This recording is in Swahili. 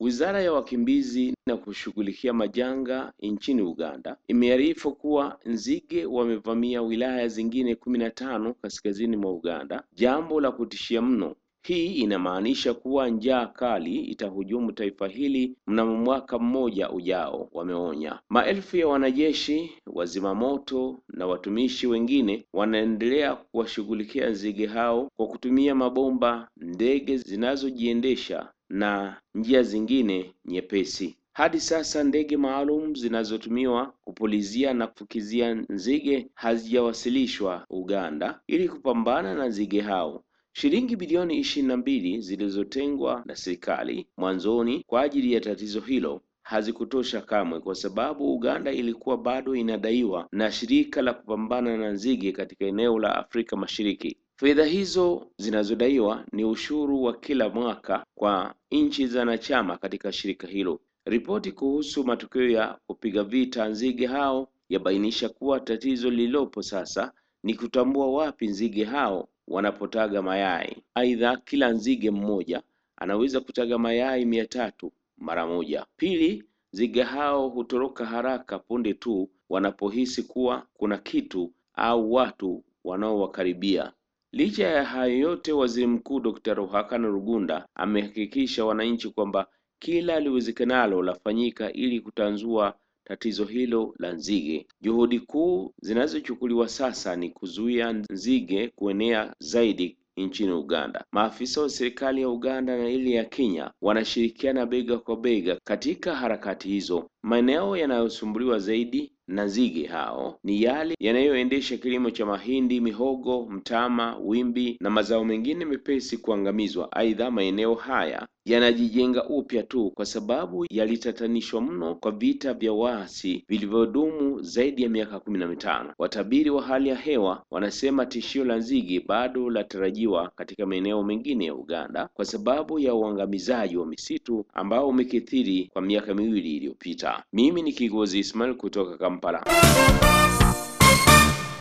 Wizara ya Wakimbizi na kushughulikia majanga nchini Uganda imearifu kuwa nzige wamevamia wilaya zingine kumi na tano kaskazini mwa Uganda, jambo la kutishia mno. Hii inamaanisha kuwa njaa kali itahujumu taifa hili mnamo mwaka mmoja ujao, wameonya. Maelfu ya wanajeshi, wazimamoto na watumishi wengine wanaendelea kuwashughulikia nzige hao kwa kutumia mabomba, ndege zinazojiendesha na njia zingine nyepesi. Hadi sasa ndege maalum zinazotumiwa kupulizia na kufukizia nzige hazijawasilishwa Uganda ili kupambana na nzige hao. Shilingi bilioni ishirini na mbili zilizotengwa na serikali mwanzoni kwa ajili ya tatizo hilo hazikutosha kamwe, kwa sababu Uganda ilikuwa bado inadaiwa na shirika la kupambana na nzige katika eneo la Afrika Mashariki Fedha hizo zinazodaiwa ni ushuru wa kila mwaka kwa nchi za nachama katika shirika hilo. Ripoti kuhusu matukio ya kupiga vita nzige hao yabainisha kuwa tatizo lililopo sasa ni kutambua wapi nzige hao wanapotaga mayai. Aidha, kila nzige mmoja anaweza kutaga mayai mia tatu mara moja. Pili, nzige hao hutoroka haraka punde tu wanapohisi kuwa kuna kitu au watu wanaowakaribia. Licha ya hayo yote, waziri mkuu Dr. Ruhakana Rugunda amehakikisha wananchi kwamba kila liwezekanalo lafanyika ili kutanzua tatizo hilo la nzige. Juhudi kuu zinazochukuliwa sasa ni kuzuia nzige kuenea zaidi nchini Uganda. Maafisa wa serikali ya Uganda na ile ya Kenya wanashirikiana bega kwa bega katika harakati hizo Maeneo yanayosumbuliwa zaidi na nzige hao ni yale yanayoendesha kilimo cha mahindi, mihogo, mtama, wimbi na mazao mengine mepesi kuangamizwa. Aidha, maeneo haya yanajijenga upya tu kwa sababu yalitatanishwa mno kwa vita vya waasi vilivyodumu zaidi ya miaka kumi na mitano. Watabiri wa hali ya hewa wanasema tishio la nzige bado latarajiwa katika maeneo mengine ya Uganda kwa sababu ya uangamizaji wa misitu ambao umekithiri kwa miaka miwili iliyopita. Mimi ni Kigozi Ismail kutoka Kampala.